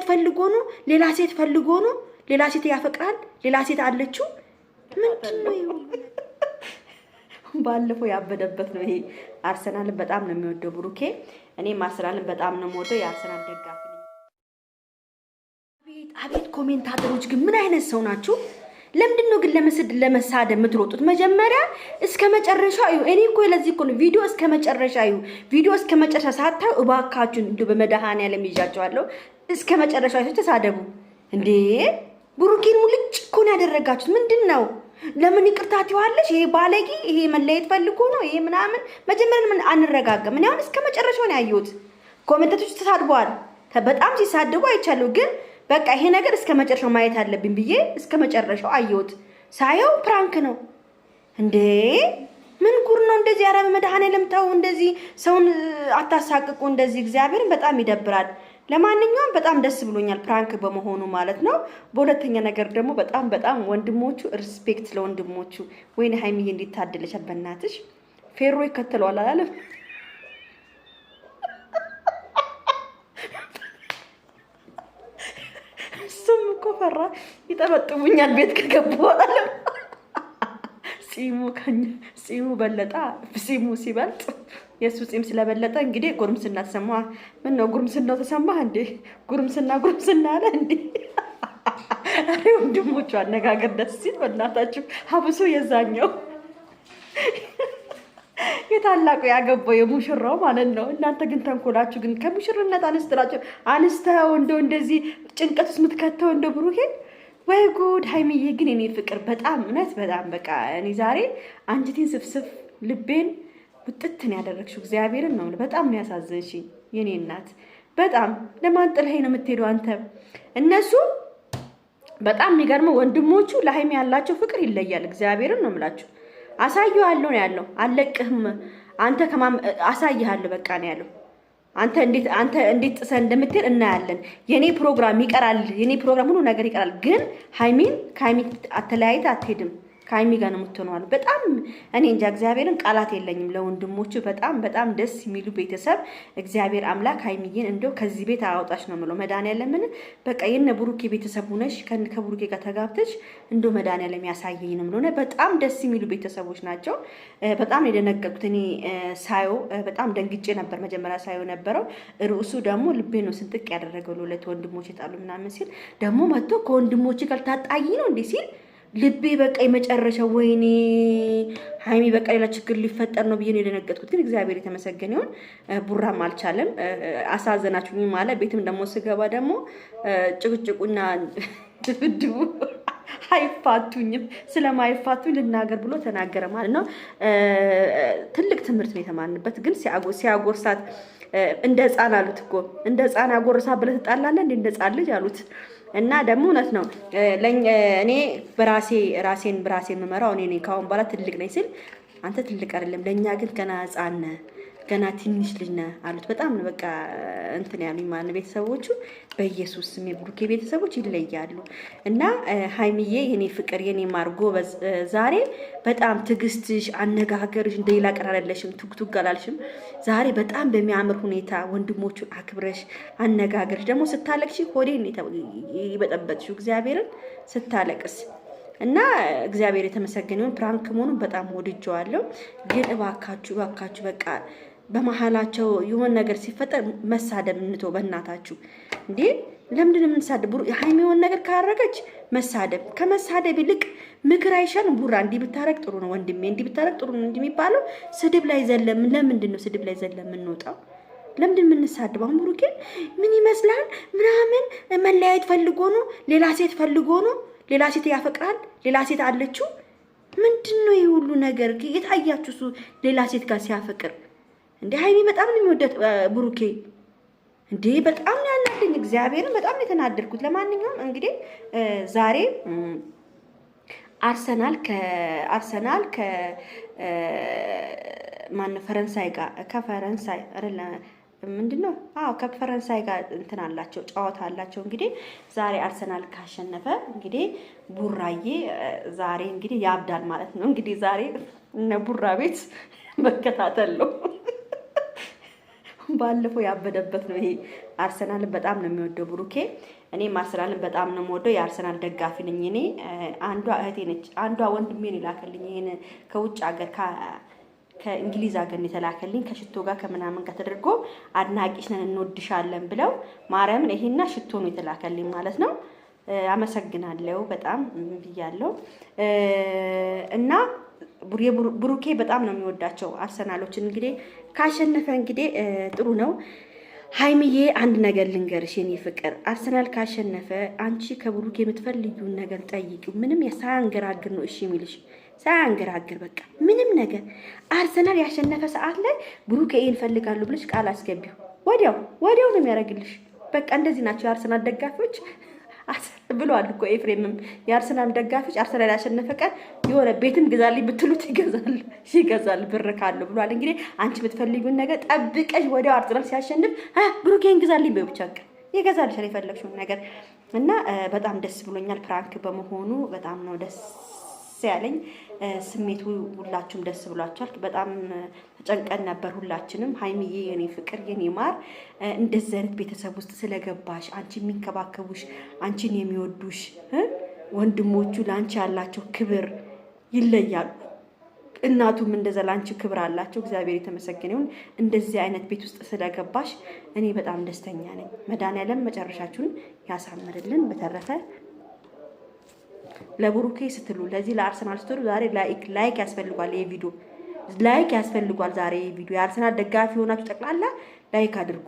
ሴት ፈልጎ ነው፣ ሌላ ሴት ፈልጎ ነው፣ ሌላ ሴት ያፈቅራል፣ ሌላ ሴት አለችው። ምንድን ነው ባለፈው ያበደበት ነው ይሄ። አርሰናልን በጣም ነው የሚወደው ብሩኬ። እኔም አርሰናልን በጣም ነው የምወደው፣ የአርሰናል ደጋፊ። አቤት ኮሜንታተሮች ግን ምን አይነት ሰው ናችሁ? ለምንድን ነው ግን ለመስድ ለመሳደ የምትሮጡት? መጀመሪያ እስከ መጨረሻ እዩ። እኔ እኮ ለዚህ እኮ ነው ቪዲዮ እስከ መጨረሻ እዩ። ቪዲዮ እስከ መጨረሻ ሳታዩ እባካችሁን እንዲሁ በመድኃኔዓለም ይዣቸዋለሁ። እስከ መጨረሻችሁ ተሳደቡ እንዴ! ብሩኬን ሙልጭ እኮ ነው ያደረጋችሁት። ምንድን ነው? ለምን ይቅርታ ትዋለሽ? ይሄ ባለጌ፣ ይሄ መለየት ፈልጎ ነው ይሄ ምናምን። መጀመሪያ ምን አንረጋገም። እኔ አሁን እስከ መጨረሻው ነው ያየሁት። ኮመንታቶች ተሳድበዋል፣ በጣም ሲሳደቡ አይቻለሁ። ግን በቃ ይሄ ነገር እስከ መጨረሻው ማየት አለብኝ ብዬ እስከ መጨረሻው አየሁት። ሳየው ፕራንክ ነው እንዴ! ምን ጉር ነው እንደዚህ? ኧረ መድኃኔዓለም ተው እንደዚህ፣ ሰውን አታሳቅቁ እንደዚህ። እግዚአብሔርን በጣም ይደብራል። ለማንኛውም በጣም ደስ ብሎኛል ፕራንክ በመሆኑ ማለት ነው። በሁለተኛ ነገር ደግሞ በጣም በጣም ወንድሞቹ ሪስፔክት ለወንድሞቹ። ወይኔ ሀይሚ እንዲታደለች ታደለሻል! በእናትሽ ፌሮ ይከተለዋል አላለም? እሱም እኮ ፈራ ይጠበጥቡኛል ቤት ከገቡ አላለም? ሲሙ ከኛ ሲሙ በለጣ ሲሙ ሲበልጥ የእሱ ፂም ስለበለጠ እንግዲህ ጉርምስና ተሰማ። ምን ነው ጉርምስናው ተሰማ እንዴ? ጉርምስና ጉርምስና አለ እንዴ? አሬ ወንድሞቹ አነጋገር ደስ ሲል በእናታችሁ ሀብሶ የዛኛው የታላቁ ያገባው የሙሽራው ማለት ነው። እናንተ ግን ተንኮላችሁ ግን ከሙሽርነት አነስትላችሁ አንስተው እንደው እንደዚህ ጭንቀት ውስጥ የምትከተው እንደ ብሩኬን ወይ ጉድ! ሀይሚዬ ግን እኔ ፍቅር በጣም እውነት በጣም በቃ እኔ ዛሬ አንጀቴን ስፍስፍ ልቤን ውጥትን ያደረግሽው እግዚአብሔርን ነው። በጣም ነው ያሳዘንሽኝ የኔ እናት። በጣም ለማን ጥለኸኝ ነው የምትሄዱ አንተ? እነሱ በጣም የሚገርመው ወንድሞቹ ለሀይሚ ያላቸው ፍቅር ይለያል። እግዚአብሔርን ነው የምላችሁ። አሳየዋለሁ ነው ያለው። አለቅህም አንተ ከማ አሳይሃለሁ በቃ ነው ያለው። አንተ እንዴት አንተ እንዴት ጥሰህ እንደምትሄድ እናያለን። የኔ ፕሮግራም ይቀራል፣ የኔ ፕሮግራም ሁሉ ነገር ይቀራል። ግን ሀይሚን ከሀይሚ አተለያይተህ አትሄድም። ከሀይሚ ጋር ነው የምትሆነዋል። በጣም እኔ እንጃ እግዚአብሔርን ቃላት የለኝም ለወንድሞቹ። በጣም በጣም ደስ የሚሉ ቤተሰብ። እግዚአብሔር አምላክ ሀይሚዬን እንደው ከዚህ ቤት አያውጣሽ ነው የምለው። መድኃኒዓለምን በቃ የነ ብሩኬ ቤተሰብ ሆነሽ ከብሩኬ ጋር ተጋብተሽ እንደው መድኃኒዓለም ያሳየኝ ነው የምለው። በጣም ደስ የሚሉ ቤተሰቦች ናቸው። በጣም የደነገጥኩት እኔ ሳዮ በጣም ደንግጬ ነበር መጀመሪያ ሳዮ ነበረው። ርዕሱ ደግሞ ልቤ ነው ስንጥቅ ያደረገው ለሁለት ወንድሞች የጣሉ ምናምን ሲል ደግሞ መጥቶ ከወንድሞች ጋር ታጣይ ነው እንዲህ ሲል ልቤ በቃ የመጨረሻው ወይኔ ሀይሚ በቃ ሌላ ችግር ሊፈጠር ነው ብዬ ነው የደነገጥኩት። ግን እግዚአብሔር የተመሰገነ ይሁን ቡራም አልቻለም። አሳዘናችሁኝ ማለ ቤትም ደግሞ ስገባ ደግሞ ጭቅጭቁና ድብድቡ አይፋቱኝም ስለማይፋቱኝ ልናገር ብሎ ተናገረ ማለት ነው። ትልቅ ትምህርት ነው የተማርንበት። ግን ሲያጎርሳት እንደ ህፃን አሉት እኮ እንደ ህፃን አጎርሳ ብለህ ትጣላለህ እንደ ሕፃን ልጅ አሉት። እና ደግሞ እውነት ነው። እኔ በራሴ ራሴን በራሴ የምመራው እኔ ነኝ። ከአሁን በኋላ ትልቅ ነኝ ስል አንተ ትልቅ አይደለም፣ ለእኛ ግን ገና ህፃን ነህ ገና ትንሽ ልጅ ነህ አሉት። በጣም ነው በቃ እንትን ያሉኝ ማን ቤተሰቦቹ በኢየሱስ ስም የብሩኬ ቤተሰቦች ይለያሉ። እና ሀይሚዬ የኔ ፍቅር የኔ ማርጎ ዛሬ በጣም ትግስትሽ፣ አነጋገርሽ እንደሌላ ቀን አላለሽም፣ ቱክቱክ አላልሽም። ዛሬ በጣም በሚያምር ሁኔታ ወንድሞቹን አክብረሽ አነጋገርሽ ደግሞ ስታለቅሽ ሆዴን የበጠበጥሽው እግዚአብሔርን ስታለቅስ እና እግዚአብሔር የተመሰገነውን ፕራንክ መሆኑን በጣም ወድጀዋለሁ። ግን እባካችሁ እባካችሁ በቃ በመሀላቸው የሆን ነገር ሲፈጠር መሳደብ እንቶ በእናታችሁ እንዴ ለምንድን የምንሳደብ? ሀይሚ የሆን ነገር ካረገች መሳደብ ከመሳደብ ይልቅ ምክር አይሻል? ቡራ እንዲህ ብታረግ ጥሩ ነው ወንድሜ፣ እንዲህ ብታረግ ጥሩ ነው የሚባለው ስድብ ላይ ዘለም። ለምንድን ነው ስድብ ላይ ዘለም የምንወጣው? ለምንድን የምንሳድብ? አሁን ብሩኬ ምን ይመስላል ምናምን መለያየት ፈልጎ ነው፣ ሌላ ሴት ፈልጎ ነው፣ ሌላ ሴት ያፈቅራል፣ ሌላ ሴት አለችው። ምንድን ነው ይህ ሁሉ ነገር? የታያችሁ እሱ ሌላ ሴት ጋር ሲያፈቅር እንዴ ሀይሚ በጣም ነው የሚወደት ብሩኬ። እንዴ በጣም ነው ያናደኝ። እግዚአብሔርን በጣም ነው የተናደድኩት። ለማንኛውም እንግዲህ ዛሬ አርሰናል ከአርሰናል ከ ማን ፈረንሳይ ጋር ከፈረንሳይ አይደለ ምንድን ነው? አዎ ከፈረንሳይ ጋር እንትን አላቸው ጨዋታ አላቸው። እንግዲህ ዛሬ አርሰናል ካሸነፈ እንግዲህ ቡራዬ ዛሬ እንግዲህ ያብዳል ማለት ነው። እንግዲህ ዛሬ እነ ቡራ ቤት መከታተል ነው። ባለፈው ያበደበት ነው። ይሄ አርሰናልን በጣም ነው የሚወደው ብሩኬ። እኔም አርሰናልን በጣም ነው የምወደው። የአርሰናል ደጋፊ ነኝ እኔ። አንዷ እህቴ ነች፣ አንዷ ወንድሜን ይላከልኝ። ይሄን ከውጭ ሀገር ከእንግሊዝ ሀገር የተላከልኝ ከሽቶ ጋር ከምናምን ጋር ተደርጎ አድናቂሽ ነን እንወድሻለን ብለው ማርያምን። ይሄና ሽቶ ነው የተላከልኝ ማለት ነው። አመሰግናለሁ በጣም ብያለሁ እና ብሩኬ በጣም ነው የሚወዳቸው አርሰናሎችን እንግዲህ ካሸነፈ እንግዲህ ጥሩ ነው። ሀይሚዬ አንድ ነገር ልንገርሽ የኔ ፍቅር፣ አርሰናል ካሸነፈ አንቺ ከብሩክ የምትፈልጊውን ነገር ጠይቂው። ምንም ሳያንገራግር ነው እሺ የሚልሽ፣ ሳያንገራግር በቃ ምንም ነገር። አርሰናል ያሸነፈ ሰዓት ላይ ብሩክ ይሄን እፈልጋለሁ ብለሽ ቃል አስገቢው። ወዲያው ወዲያው ነው የሚያደርግልሽ። በቃ እንደዚህ ናቸው የአርሰናል ደጋፊዎች። ብሏል እኮ ኤፍሬምም የአርሰናል ደጋፊዎች አርሰናል ያሸነፈ ቀን የሆነ ቤትም ግዛልኝ ብትሉት ይገዛል ይገዛል ብር ካለው ብሏል። እንግዲህ አንቺ የምትፈልጊውን ነገር ጠብቀሽ ወዲያው አርሰናል ሲያሸንፍ ብሩኬን ግዛልኝ በብቻ ቀን ይገዛልሻል የፈለግሽውን ነገር እና በጣም ደስ ብሎኛል። ፕራንክ በመሆኑ በጣም ነው ደስ ያለኝ ስሜቱ ሁላችሁም ደስ ብሏቸዋል። በጣም ተጨንቀን ነበር ሁላችንም። ሀይሚዬ የኔ ፍቅር የኔ ማር እንደዚህ አይነት ቤተሰብ ውስጥ ስለገባሽ አንቺ የሚንከባከቡሽ አንቺን የሚወዱሽ ወንድሞቹ ለአንቺ ያላቸው ክብር ይለያሉ። እናቱም እንደዛ ለአንቺ ክብር አላቸው። እግዚአብሔር የተመሰገነ ይሁን። እንደዚህ አይነት ቤት ውስጥ ስለገባሽ እኔ በጣም ደስተኛ ነኝ። መድኃኒዓለም መጨረሻችሁን ያሳምርልን። በተረፈ ለብሩኬ ስትሉ ለዚህ ለአርሰናል ስትሉ ዛሬ ላይክ ላይክ ያስፈልጓል። ይሄ ቪዲዮ ላይክ ያስፈልጓል። ዛሬ ይሄ ቪዲዮ የአርሰናል ደጋፊ የሆናችሁ ጠቅላላ ላይክ አድርጉ።